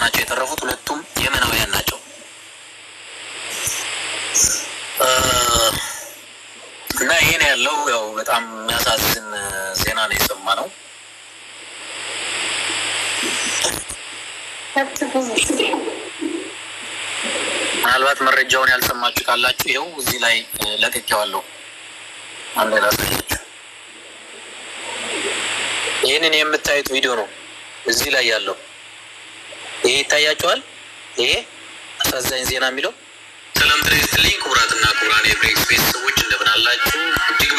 ናቸው። የተረፉት ሁለቱም የመናውያን ናቸው። እና ይህን ያለው ያው በጣም የሚያሳዝን ዜና ነው የሰማ ነው። ምናልባት መረጃውን ያልሰማችሁ ካላችሁ ይኸው እዚህ ላይ ለቅቄዋለሁ። አንድ ላሳያችሁ። ይህንን የምታዩት ቪዲዮ ነው እዚህ ላይ ያለው ይሄ ይታያቸዋል። ይሄ አሳዛኝ ዜና የሚለው ሰላም ትሬስትልኝ ክቡራትና ክቡራን የብሬክስ ቤተሰቦች እንደምን አላችሁ? እጅግ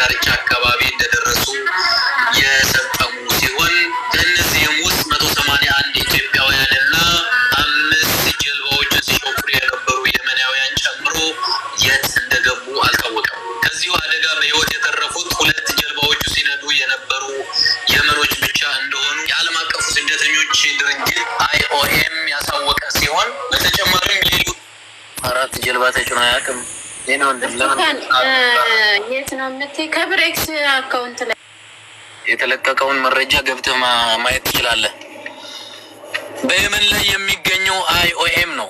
ዳርቻ አካባቢ እንደደረሱ የሰጠሙ ሲሆን ከእነዚህም ውስጥ መቶ ሰማንያ አንድ ኢትዮጵያውያን እና አምስት ጀልባዎች ሲሾፍሩ የነበሩ የመናውያን ጨምሮ የት እንደገቡ አልታወቀም። ከዚሁ አደጋ በህይወት የተረፉት ሁለት ጀልባዎቹ ሲነዱ የነበሩ የመኖች ብቻ እንደሆኑ የዓለም አቀፉ ስደተኞች ድርጅት አይኦኤም ያሳወቀ ሲሆን በተጨማሪም ሌሉ አራት ጀልባ ተጭኖ አያውቅም። ከብሬክስ አካውንት ላይ የተለቀቀውን መረጃ ገብተህ ማየት ትችላለህ። በየመን ላይ የሚገኘው አይኦኤም ነው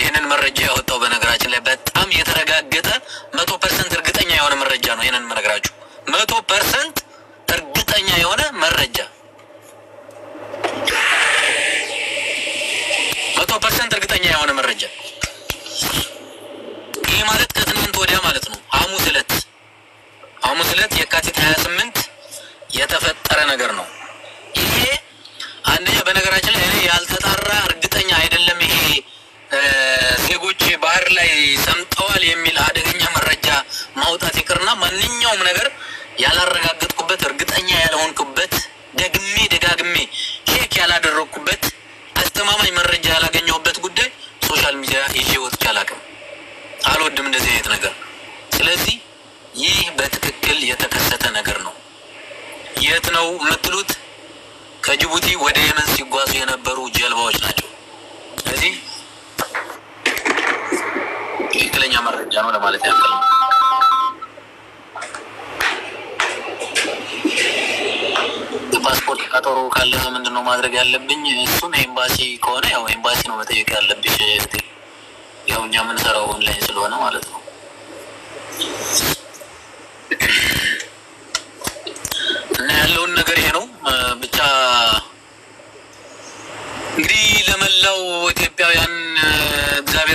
ይህንን መረጃ ያወጣው። በነገራችን ላይ በጣም የተረጋገጠ መቶ ፐርሰንት እርግጠኛ የሆነ መረጃ ነው። ይህንን መነግራችሁ መቶ ፐርሰንት እርግጠኛ የሆነ መረጃ መቶ ፐርሰንት እርግጠኛ የሆነ መረጃ ማለት ከትናንት ወዲያ ማለት ነው። ሐሙስ ዕለት ሐሙስ ዕለት የካቲት 28 የተፈጠረ ነገር ነው ይሄ። አንደኛ በነገራችን ላይ እኔ ያልተጣራ እርግጠኛ አይደለም ይሄ ዜጎች ባህር ላይ ሰምጠዋል የሚል አደገኛ መረጃ ማውጣት ይቅርና ማንኛውም ነገር ያላረጋገጥኩበት እርግጠኛ ያልሆንኩበት የት ነው የምትሉት? ከጅቡቲ ወደ የመን ሲጓዙ የነበሩ ጀልባዎች ናቸው። ስለዚህ ትክክለኛ መረጃ ነው ለማለት ያክል ነው። ፓስፖርት ቀጠሮ ካለፈ ምንድን ነው ማድረግ ያለብኝ? እሱን ኤምባሲ ከሆነ ያው ኤምባሲ ነው መጠየቅ ያለብሽ። ያው እኛ የምንሰራው ኦንላይን ስለሆነ ማለት ነው።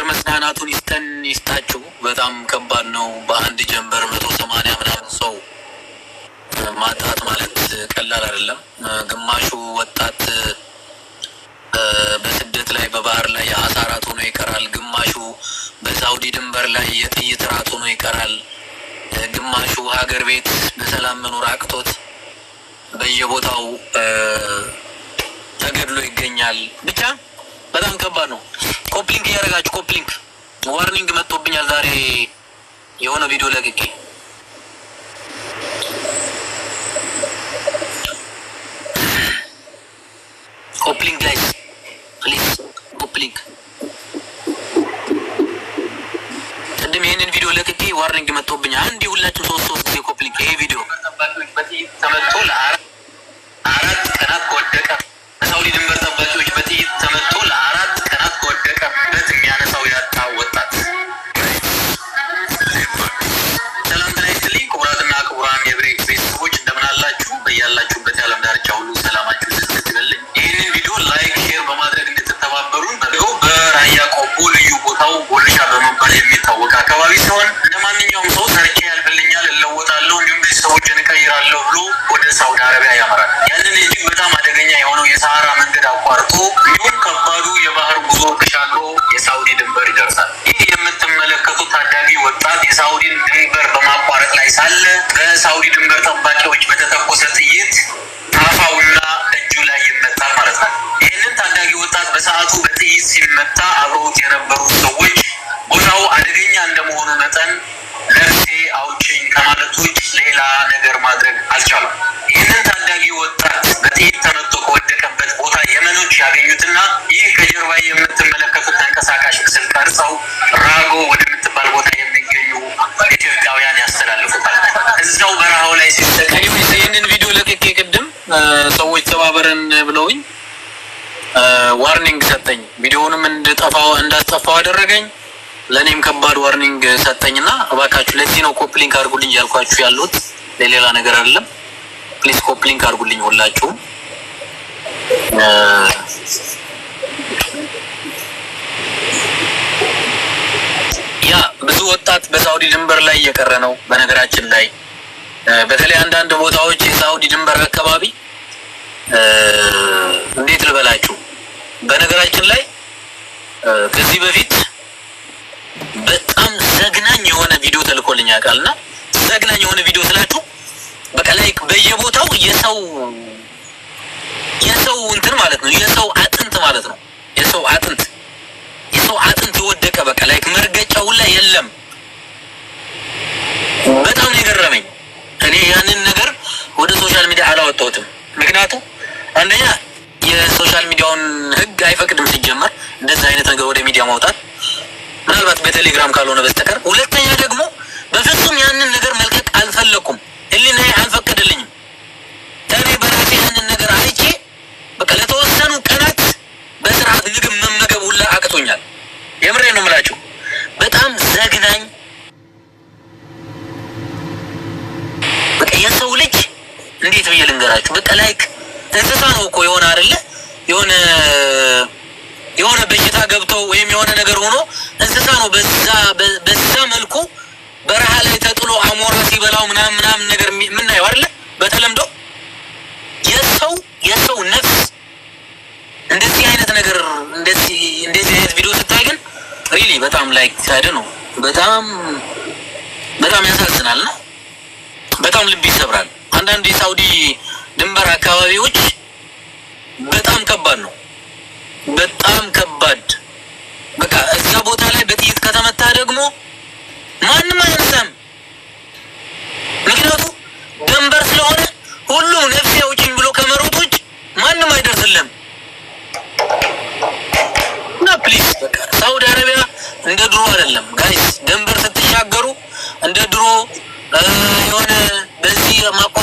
መጽናናቱን ይስጠን ይስጣችሁ። በጣም ከባድ ነው። በአንድ ጀንበር መቶ ሰማንያ ምናምን ሰው ማጣት ማለት ቀላል አይደለም። ግማሹ ወጣት በስደት ላይ በባህር ላይ የአሳ ራት ሆኖ ይቀራል። ግማሹ በሳውዲ ድንበር ላይ የጥይት ራት ሆኖ ይቀራል። ግማሹ ሀገር ቤት በሰላም መኖር አቅቶት በየቦታው ተገድሎ ይገኛል ብቻ በጣም ከባድ ነው። ኮፕሊንክ እያደረጋችሁ ኮፕሊንክ ዋርኒንግ መጥቶብኛል። ዛሬ የሆነ ቪዲዮ ለቅቄ ኮፕሊንክ ላይ ፕሊዝ ኮፕሊንክ ቅድም ይህንን ቪዲዮ ለቅቄ ዋርኒንግ መጥቶብኛል። አንድ ሁላችሁ ሶስት ሶስት ጊዜ ኮፕሊንክ ይሄ ቪዲዮ ተመቶ ለአራት ቀናት ወደቀ። ሰው ድንበር ጠባቂዎች በጥይት ተመቶ እቀይራለሁ ብሎ ወደ ሳውዲ አረቢያ ያመራል። ያንን እጅግ በጣም አደገኛ የሆነው የሰሃራ መንገድ አቋርጦ እንዲሁም ከባዱ የባህር ጉዞ ተሻግሮ የሳውዲ ድንበር ይደርሳል። ይህ የምትመለከቱት ታዳጊ ወጣት የሳውዲን ድንበር በማቋረጥ ላይ ሳለ በሳውዲ ድንበር ጠባቂዎች በተተኮሰ ዋርኒንግ ሰጠኝ። ቪዲዮውንም እንዳስጠፋው አደረገኝ። ለእኔም ከባድ ዋርኒንግ ሰጠኝና እባካችሁ ለዚህ ነው ኮፕሊንክ አድርጉልኝ ያልኳችሁ ያሉት ለሌላ ነገር አይደለም። ፕሊስ ኮፕሊንክ አድርጉልኝ ሁላችሁም። ያ ብዙ ወጣት በሳውዲ ድንበር ላይ እየቀረ ነው። በነገራችን ላይ በተለይ አንዳንድ ቦታዎች የሳውዲ ድንበር አካባቢ እንዴት ልበላችሁ በነገራችን ላይ ከዚህ በፊት በጣም ዘግናኝ የሆነ ቪዲዮ ተልኮልኝ ያውቃል እና ዘግናኝ የሆነ ቪዲዮ ስላችሁ በቃ ላይ በየቦታው የሰው የሰው እንትን ማለት ነው የሰው አጥንት ማለት ነው የሰው አጥንት የሰው አጥንት የወደቀ በቃ ላይ መርገጫ ላይ የለም። በጣም ነው የገረመኝ። እኔ ያንን ነገር ወደ ሶሻል ሚዲያ አላወጣሁትም። ምክንያቱም አንደኛ የሶሻል ሚዲያውን ህግ አይፈቅድም። ሲጀመር እንደዚህ አይነት ነገር ወደ ሚዲያ ማውጣት ምናልባት በቴሌግራም ካልሆነ በስተቀር። ሁለተኛ ደግሞ በፍጹም ያንን ነገር መልቀቅ አልፈለኩም፣ ህሊናዬ አልፈቀደልኝም። እኔ በራሴ ያንን ነገር አይቼ በቃ ለተወሰኑ ቀናት በስርዓት ምግብ መመገብ ሁላ አቅቶኛል። የምሬ ነው የምላችሁ። በጣም ዘግናኝ በቃ የሰው ልጅ እንዴት ብዬ ልንገራችሁ በቃ ላይክ እንስሳ ነው እኮ የሆነ አይደለ የሆነ የሆነ በሽታ ገብተው ወይም የሆነ ነገር ሆኖ እንስሳ ነው። በዛ በዛ መልኩ በረሃ ላይ ተጥሎ አሞራ ሲበላው ምናምን ምናምን ነገር የምናየው አይደለ በተለምዶ የሰው የሰው ነፍስ እንደዚህ አይነት ነገር እንደዚህ እንደዚህ አይነት ቪዲዮ ስታይ ግን ሪሊ በጣም ላይክ ሳይድ ነው። በጣም በጣም ያሳዝናል እና በጣም ልብ ይሰብራል። አንዳንድ የሳውዲ ድንበር አካባቢዎች በጣም ከባድ ነው። በጣም ከባድ በቃ እዛ ቦታ ላይ በጥይት ከተመታ ደግሞ ማንም አያነሳም። ምክንያቱ ድንበር ስለሆነ ሁሉም ነፍሴ አውጪኝ ብሎ ከመሮጦች ማንም አይደርስልም። እና ፕሊዝ በቃ ሳውዲ አረቢያ እንደ ድሮ አይደለም ጋይስ። ድንበር ስትሻገሩ እንደ ድሮ የሆነ በዚህ ማቆ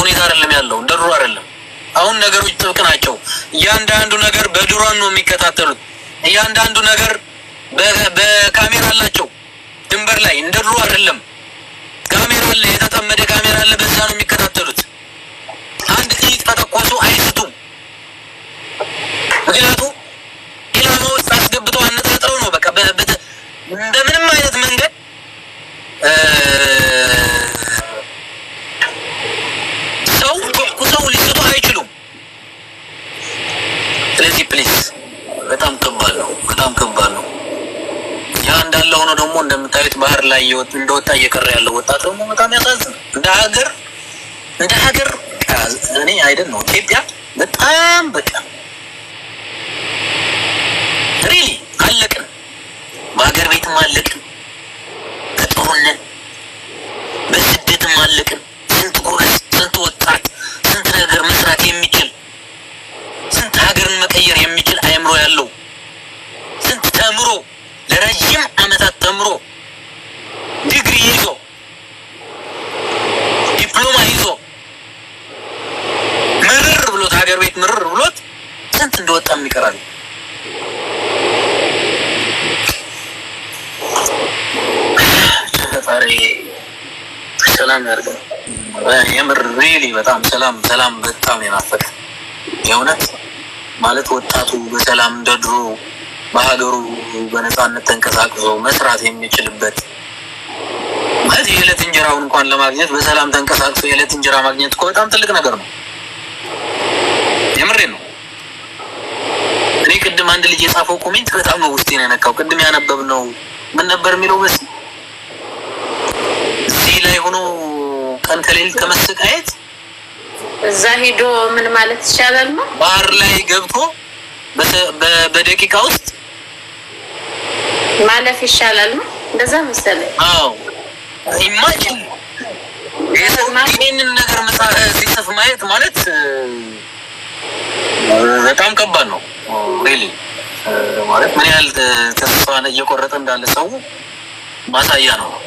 ሁኔታ አይደለም ያለው፣ እንደ ድሮ አይደለም። አሁን ነገሮች ጥብቅ ናቸው። እያንዳንዱ ነገር በድሮን ነው የሚከታተሉት። እያንዳንዱ ነገር በካሜራ አላቸው። ድንበር ላይ እንደ ድሮ አይደለም። ካሜራ አለ፣ የተጠመደ ካሜራ አለ። በዛ ነው የሚከታተሉት። አንድ ጥይት ከተኮሱ አይስቱም። ምክንያቱም እንዳለ ሆኖ ደግሞ እንደምታዩት ባህር ላይ እንደወጣ እየቀረ ያለው ወጣት ደግሞ በጣም ያሳዝን። እንደ ሀገር እንደ ሀገር እኔ አይደል ነው ኢትዮጵያ በጣም በቃ ሪሊ አለቅን፣ በሀገር ቤትም አለቅን። የምር ሪሊ በጣም ሰላም ሰላም በጣም የናፈቀ የእውነት ማለት ወጣቱ በሰላም እንደድሮ በሀገሩ በነፃነት ተንቀሳቅሶ መስራት የሚችልበት ማለት የዕለት እንጀራውን እንኳን ለማግኘት በሰላም ተንቀሳቅሶ የዕለት እንጀራ ማግኘት እኮ በጣም ትልቅ ነገር ነው። የምሬ ነው። እኔ ቅድም አንድ ልጅ የጻፈው ኮሜንት በጣም ነው ውስጤን የነካው። ቅድም ያነበብነው ምን ነበር የሚለው መስ እዚህ ላይ ሆኖ ቀን ከሌል ከመሰቃየት እዛ ሄዶ ምን ማለት ይቻላል ነው ባህር ላይ ገብቶ በደቂቃ ውስጥ ማለፍ ይሻላል ነው። እንደዛ መሰለኝ። አዎ ኢማጂን ይህንን ነገር ሲጽፍ ማየት ማለት በጣም ከባድ ነው። ሪሊ ማለት ምን ያህል ተስፋን እየቆረጠ እንዳለ ሰው ማሳያ ነው።